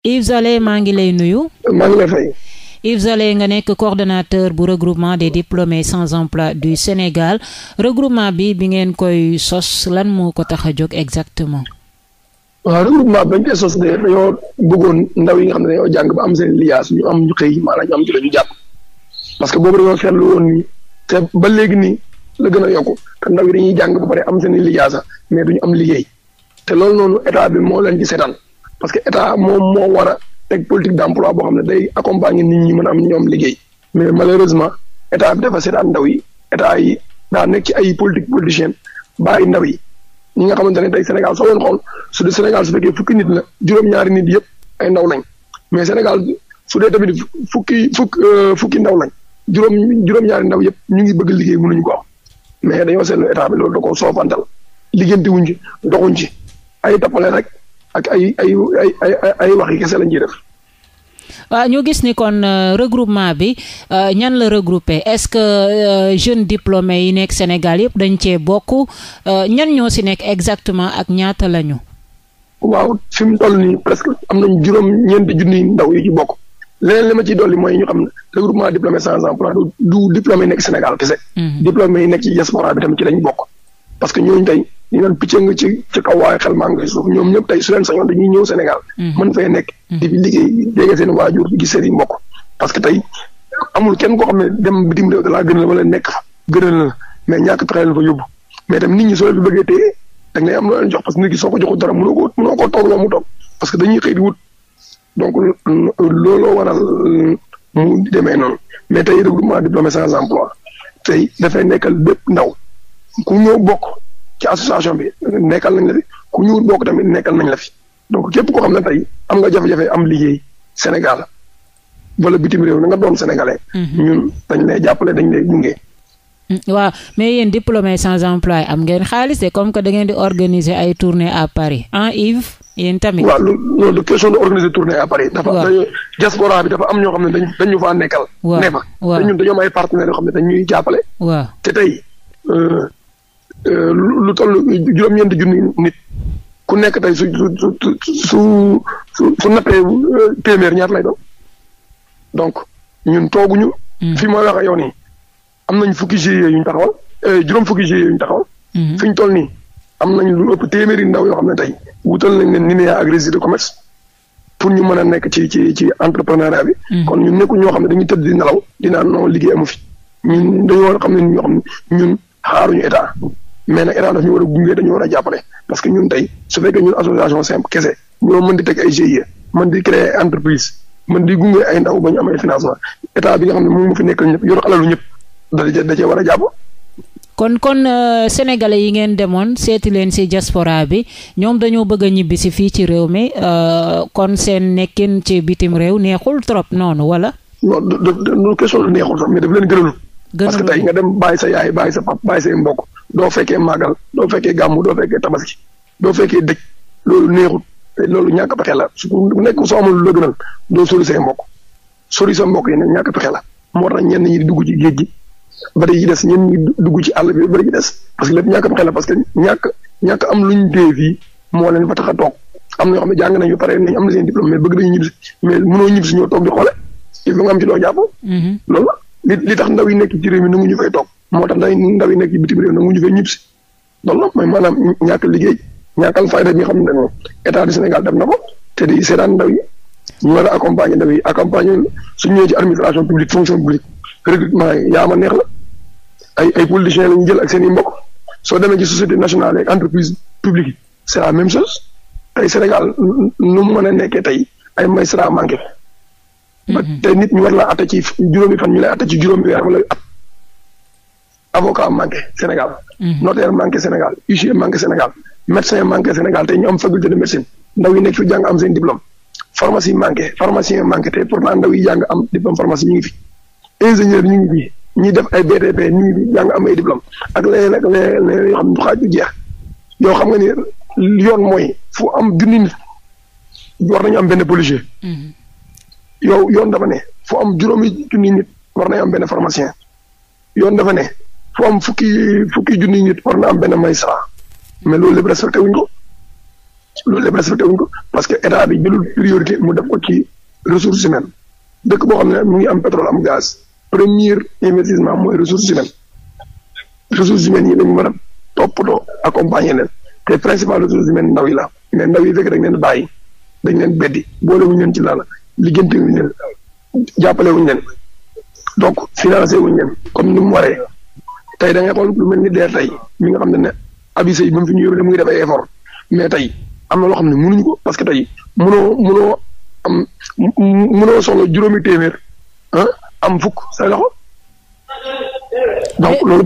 Ives Zale maa ngi lay nuyu. maa ngi lay fay. Ives Zale nga nekk coordonnateur bu regroupement des diplômés sans emploi du Sénégal regroupement bi bi ngeen koy sos lan moo ko tax a jóg exactement. waaw regroupement bañ koy sos de dañoo bëggoon ndaw yi nga xam ne dañoo jàng ba am seen liaas ñu am ñu xëy maanaam ñu am ci ñu jàpp parce que boobu dañoo seetlu woon ni te ba léegi nii la gën a yokk te ndaw yi dañuy jàng ba pare am seen liaasa mais duñu am liggéey te loolu noonu état bi parce que état moom moo war a teg politique d' emploi boo xam ne day accompagner nit ñi mën a am ñoom liggéey mais malheureusement état bi dafa seetaan ndaw yi état yi daa nekk ci ay politique politicienne bàyyi ndaw yi nga xamante ne tey Sénégal soo leen xool su dee Sénégal su fekkee fukki nit nit yëpp ay ndaw lañ mais Sénégal su dee tamit fukki fukk euh, fukki ndaw lañ juróom juróom ndaw yëpp ñu ngi bëgg liggéey mënuñu ko am mais dañoo seetlu état bi loolu da koo soofantal liggéeyanti wuñ ci doxuñ ci ay tappale rek ak ay ay ay ay ay wax yi kese lañ ciy def. waaw ñu gis ni kon euh, regroupement bi euh, ñan la regrouper est-ce que euh, jeunes diplômés yi nekk Sénégal yëpp dañ cee bokk ñan ñoo si nekk exactement ak ñaata lañu. waaw fi mu toll nii presque am nañ juróom-ñeenti junniy ndaw yu ci bokk leneen li ma ciy dolli mooy ñu xam ne regroupement diplômé sans emploi du diplômé yi nekk Sénégal kese. Mhm. diplômé yi nekk ci diaspora bi tamit ci lañ bokk parce que ñooñu tey. ñu doon picc nga ci ci kaw waaye xel maa ngi koy suuf ñoom ñëpp tey su leen sañoon dañuy ñëw Sénégal. Mm-hmm. mën fay nekk. di liggéey dégg seen waajur di gis mbokk. parce que tey amul kenn koo xam ne dem bitim réew da laa gënal wala nekk fa gënal na mais ñàkk pexe la fa yóbbu mais tam nit ñi soo leen bëggee téye da ngay am loo leen jox parce que nit ki soo ko joxul dara mënoo ko toog loo mu toog parce que dañuy xëy di wut donc looloo waral mu demee noonu mais tey regroupement diplômés sans emploi tey dafay nekkal bépp ndaw ku ñëw ci association bi nekkal nañ la fi ku ñuul bokk tamit nekkal nañ la fi donc képp koo xam ne tey am nga jafe-jafe am liggéey Sénégal wala bitim réew na nga doon sénégalais. Mhm. ñun dañ lay jàppale dañ lay gunge. Mm, waaw mais yéen diplômé sans emploi am ngeen xaalis de comme que da ngeen di organiser ay tournées à Paris ah Yves yéen tamit. waaw loolu de question de organiser tournée ñoo xam ne dañ dañ ñu faa nekkal. waaw ne xam ne dañ ñuy jàppale. waaw euh, Euh, lu toll juróom-ñeenti junni nit ku nekk tey su su su su nattee euh, téeméer ñaar lay doon donc ñun tooguñu. Mm. fi ma wax ak yow nii am nañ fukki GIE yu ñu taxawal euh, juróom fukki GIE yu ñu taxawal. Mm-hmm. fi ñu nii am nañ lu ëpp téeméeri ndaw yoo xam ne tey wutal nañ leen NINEA ak registre pour ñu mën a nekk ci ci ci entrepreneuriat bi. Mm. kon ñun nekkul ñoo xam ne dañuy tëdd di nelaw dinaa non liggéey amu fi ñun dañoo xam ne ñoo xam ne ñun xaaruñu état. mais nag état daf ñu war a gunge dañu war a jàppale parce que ñun tey su fekkee ñun association simple kese ñoo mën di teg ay GIE mën di créer entreprise mën di gunge ay ndaw ba ñu am financement état bi a kon kon euh, yi ngeen demoon seeti leen ci diaspora bi ñoom dañoo bëgg a ñibbi si fii ci réew mi euh, kon seen nekkin ci bitim réew neexul trop noonu wala. non du neexul trop mais daf leen gënalul parce que tey nga dem bàyyi sa yaay bàyyi sa pap bàyyi say mbokk doo fekkee màggal doo fekkee gàmmu doo fekkee tabaski doo fekkee dëj loolu neexut te loolu ñàkk pexe la su nekk soo amul lu la gënal doo sori say mbokk sori mbokk yi nag ñàkk pexe la moo tax ñenn ñi dugg ci géej gi bari ji des ñenn ñi ci àll bi bari ji des parce que lépp ñàkk pexe la parce que ñàkk ñàkk am luñ dee fii moo leen fa tax a toog am na ñoo xam ne jàng nañu pare nañ na seen diplôme mais bëgg nañu ñibbi mais mënoo ñibbi si ñoo toog di xoole il faut nga am ci loo jàpp mm-hmm. loolu la li li tax ndaw yi nekk ci réew mi nangu ñu fay toog moo tax ndaw ndaw yi nekk ci bitim réew nangu ñu fay ñib si loolu la mooy maanaam ñàkk liggéey ñàkkal fayda bi xam ne moom état Sénégal def na te di seetaan ndaw yi a accompagner ndaw yi accompagner suñu ñëwee ci administration publique fonction publique recrutement yi yaa ma neex la ay ay politiciens la ñu jël ak seen i mbokk soo demee ci société nationale ak entreprise publique yi c'est la même chose tey Sénégal nu mu mën a nekkee tey ay maïsra manqué ba mhm. tey nit ñu war la atte ci juróomi fan ñu lay atte ci juróomi weer wala at avocat manqué Sénégal mhm. notaire manqué Sénégal huissier manqué Sénégal médecin manqué Sénégal tey ñu am faculté de médecine ndaw yi nekk fi jàng am seen diplôme pharmacie manqué pharmacien manqué te pourtant ndaw yi jàng am diplôme pharmacie ñu ngi fi ingénieur ñu ngi fi ñuy def ay BTP ñu ngi fi jàng am ay diplôme ak leneen ak leneen yoo xam ne xaaj bu jeex yoo xam nga ni yoon mooy fu am junni nit war nañu am benn policier mhm. yow yoon dafa ne fu am juróomi junni nit war na am benn pharmacien yoon dafa ne fu am fukki fukki junni nit war na am benn magistrat mais loolu lépp respecté wuñ ko loolu lépp respecté wuñ parce que état bi jëlul priorité mu def ko ci ressources humaines dëkk boo xam ne mu ngi am pétrole am gaz premier investissement mooy ressources humaines ressources humaines yi lañu war a toppatoo accompagner leen te principal ressources humaines ndaw yi la mais ndaw yi fekk dañ leen bàyyi dañ leen beddi boolewuñu leen ci laala liggéente wuñ leen jàppale wuñ leen donc financé wuñ leen comme ni mu waree tey da ngay xool lu mel ni DER tey mi nga xam ne ne abisé yi ba mu fi ñu yóbbu mu ngi def ay effort mais tey am na loo xam ne mënuñu ko parce que tey mënoo mënoo am mënoo soxla juróomi téeméer ah am fukk sa loxo donc loolu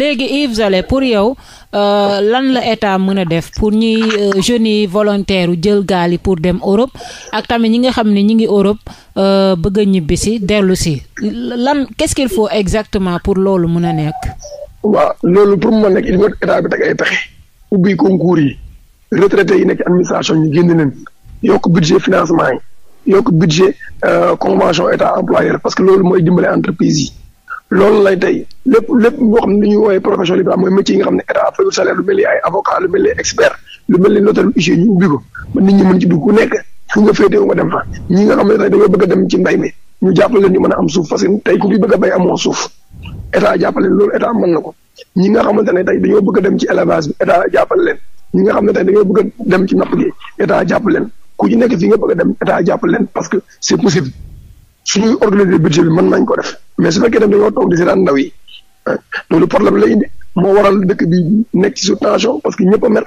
léegi Yves pour yow euh, lan la état mën a def pour ñuy euh, jeunes yi volontaire jël gaal yi pour dem Europe ak tamit ñi nga xam ni ñi ngi Europe euh, bëgg a ñibbi si dellu si lan qu'est-ce qu'il faut exactement pour loolu mën a nekk. waaw loolu pour mu mën nekk il faut état bi teg ay ubbi concours yi. retraités yi nekk administration ñu génn leen. yokk budget financement yi. yokk budget convention état employeur parce que loolu mooy dimbale entreprise yi. loolu lay tey lépp lépp boo xam ne ñu woowee profession libérale mooy métier nga xam ne état fayul salaire lu mel ay avocat lu mel expert lu mel ni notaire ñu ubbi ko ba nit ñi mën ci dugg nekk fu nga féetewoo nga dem fa ñi mbay mi ñu jàppale mën a am suuf parce que tey ku fi bëgg bay amoo suuf état jàppale leen loolu état mën na ko ñi nga xamante ne tey dañoo bëgg a dem ci élevage bi état jàppale ñi nga xam ne tey dañoo bëgg a dem ci napp gi état jàppale leen ku ci nekk fi nga bëgg dem état jàppale leen parce que c'est possible suñuy organiser budget bi man nañ ko def mais su fekkee dañoo toog di seetaan ndaw yi loolu problème lay indi moo waral dëkk bi nekk ci sous tension parce que ñëpp a mer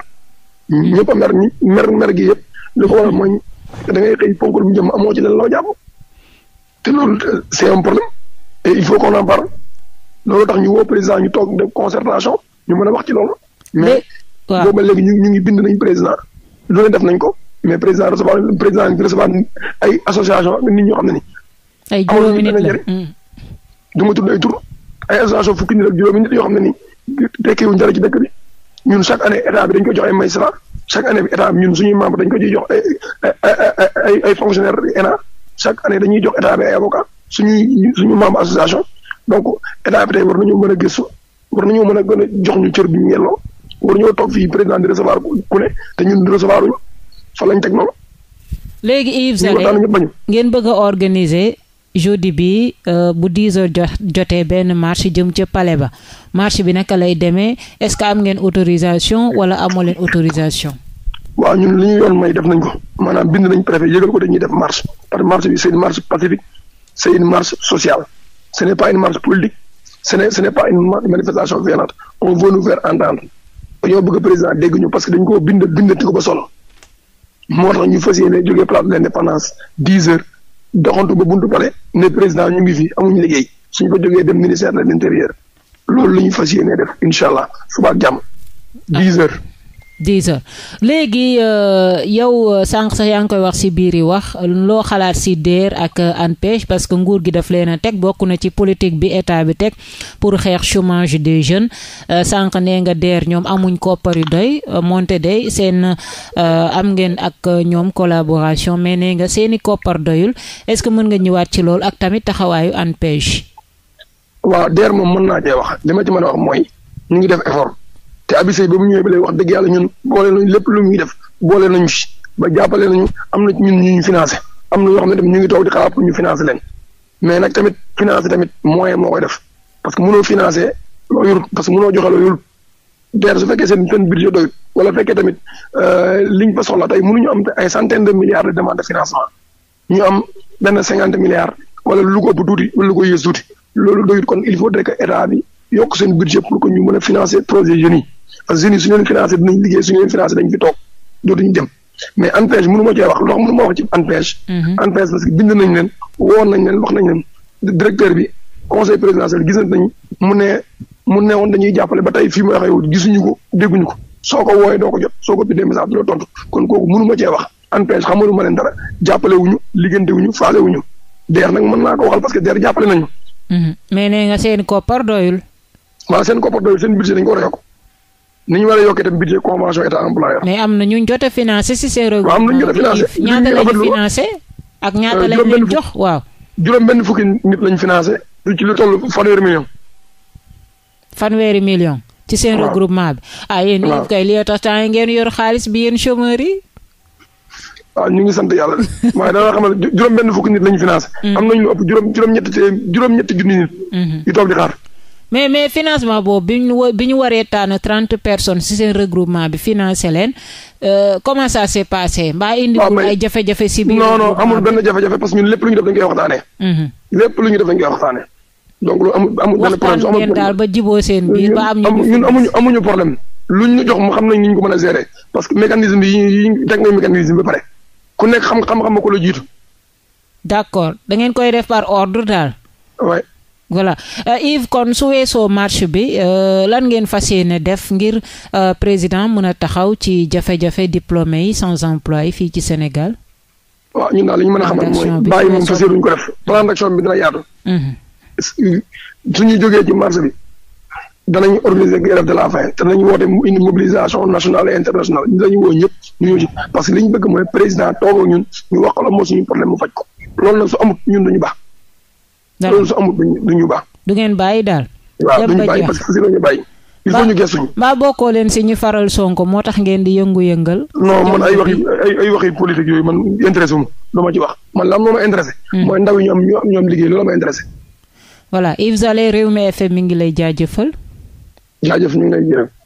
a mer ni mer mer gi yëpp li ko waral mooy da ngay xëy ponkal mu jëm amoo ci la law jàpp te loolu c'est un problème il faut qu'on en parle tax ñu woo président ñu toog def concertation ñu mën a wax ci loolu. mais waaw léegi ñu ñu ngi bind nañ président loolu def nañ ko mais président recevoir président recevoir ay association ak nit ñoo xam ne ni ay juróomi nit hmm. du ma tudd ay tur ay association fukki nit ak juróomi nit yoo xam ne nii tekkiwuñ dara ci dëkk bi ñun chaque année état bi dañ ko jox ay magistrat chaque année bi état bi ñun suñuy membre ko ciy jox ay ay ay fonctionnaire ENA année dañuy jox état bi ay avocat suñuy suñu membre association donc état bi tey war nañu mën a gëstu war nañoo mën a gën jox ñu cër bi ñu yelloo war ñoo toog fii président di recevoir ku ne te ñun di recevoir uñu fa lañ teg noonu léegi Yves Zale ngeen bëgg a organiser jeudi bi euh, bu 10 heures jotee benn marche jëm ca palais ba marche bi naka lay demee est-ce que am ngeen autorisation wala amoo leen autorisation. waaw ñun li ñu yoon may def nañ ko maanaam bind nañ préfet yëgal ko dañuy def marche parce que marche bi c'est une marche pacifique c'est une marche sociale ce n'est pas une marche politique ce n'est pas une manifestation violente on veut nous faire entendre dañoo bëgg président dégg ñu parce que dañ koo bind bindati ko ba solo moo tax ñu doxantu ba buntu pare ne président ñu ngi fi amuñu liggéey suñ fa jógee dem ministère de l' loolu la ñu fas yéene def incha allah suba ak jàmm dix heures dix heures léegi euh, yow euh, sànq sax yaa ngi koy wax ci biir yi wax loo xalaat ci DER ak ANPEJ parce que nguur gi daf leen a teg bokk na ci politique bi état bi teg pour xeex chômage des jeunes euh, sànq nee nga DER ñoom amuñ koppar yu doy moonte day seen am ngeen ak ñoom collaboration mais nee nga seeni koppar doyul est-ce que mën nga ñëwaat ci lool ak tamit taxawaayu ANPEJ. waaw DER moom mën naa cee wax li ma ci mën wax mooy ñu ngi def effort. te abisay ba mu ñëwee ba léegi wax dëgg yàlla ñun boole nañ lépp lu ñuy def boole nañu si ba jàppale nañu am na ñun ñu ñu financé am na yoo xam ne tam ñu ngi toog di xalaat pour ñu financé leen mais nag tamit financé tamit moyen moo koy def parce que mënoo financé loo yorut parce que mënoo joxe loo yorut der su fekkee seen seen budget doyut wala fekkee tamit euh, liñ fa soxla tey ñu am ay centaine de milliards de demande de financement ñu am benn cinquante milliards wala lu ko ëpp tuuti wala lu ko yées tuuti loolu doyut kon il faudrait que état bi yokk seen budget pour que ñu mën a financer projet jeunes yi parce que jeunes yi su ñu leen financé dinañ liggéey su ñu leen financé dañ fi toog dootuñu dem mais ANPEJ mënu ma cee wax lox mënu wax ci ANPEJ. Mhm. ANPEJ parce que bind nañ leen woon nañ leen wax nañ leen directeur bi conseil présidentiel gis nañ mu ne mu jàppale ba tey fii mu waxee wut gisuñu ko dégguñu ko soo ko wooyee doo ko jot soo ko bindee message tontu kon kooku mënu ma cee wax ANPEJ xamalu ma leen dara jàppale wuñu wu ñu faale wuñu DER nag mën naa ko waxal parce que DER jàppale nañu. Mhm. mais nee nga seen koppar doyul. waaw seen koppar seen budget dañ ko war a yokk ni ñu war a yokkee tam budget convention état employeur. mais am na ñu jot a financé si seen. waaw am na ñu jot a financé ñaata la ñu financé ak ñaata euh, la ñu jox waaw. juróom benn fukki nit lañ financé ci lu toll million. ci seen regroupement bi. ah yéen ñëpp kay li tax ngeen yor xaalis bi yéen chômeurs yi. waaw ah, ñu ngi sant yàlla waaye dana xamal juróom benn fukki mm. am nañ lu ëpp juróom juróom-ñetti juróom-ñetti junni mm-hmm. yu toog di xaar. mais mais financement boobu bi ñu bi ñu waree tànn trente personnes ci seen regroupement bi financé leen euh, comment ça s'est mbaa indi ay jafe-jafe ci biir. non amul benn jafe-jafe parce que ñun lépp lu ñu def dañ koy waxtaanee. Mhm. lépp lu ñu def dañ koy waxtaanee. donc loolu amul amul benn problème waxtaan ba jiboo seen am ñun amuñu amuñu problème. luñ ñu jox mu xam nañ ni ñu ko mën a gérer parce que mécanisme bi yi ñu teg nañ mécanisme bi ba pare ku nekk xam-xam-xam ko la jiitu. d'accord da ngeen koy def par ordre daal. voilà euh, Yves kon su weesoo marche bi euh, lan ngeen fas ne def ngir euh, président mën a taxaw ci jafe-jafe diplômé yi sans emploi yi fii ci Sénégal. waaw ñun daal li mën a xamal mooy bàyyi moom fas yéene ko def plan d'action bi dina yaatu. Mhm. suñu jógee ci marche bi danañ organiser grève de la faim danañ woote une mobilisation nationale et internationale ñu lañu ñëpp ñu ñëw ci parce que li bëgg mooy président toogoo ñun ñu wax ko la moo suñu problème mu faj ko loolu nag su amut ñun duñu baax. loolu su amul du ñu baax. du ngeen bàyyi daal. waaw si la bàyyi. il bokkoo leen si ñu faral sonk moo tax ngeen di yëngu-yëngal. non man ay waxi ay yooyu man intéressé ma ma ci hmm. mooy ndaw yi ñu am ñu am liggéey loolu ma intéressé. voilà Yves Zale Rewmi FM mi ngi lay jaajëfal. jaajëf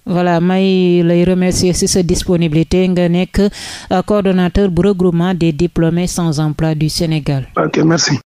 voilà may lay remercier ci sa disponibilité nga nekk euh, coordonnateur bu regroupement des diplômés sans emploi du Sénégal. ok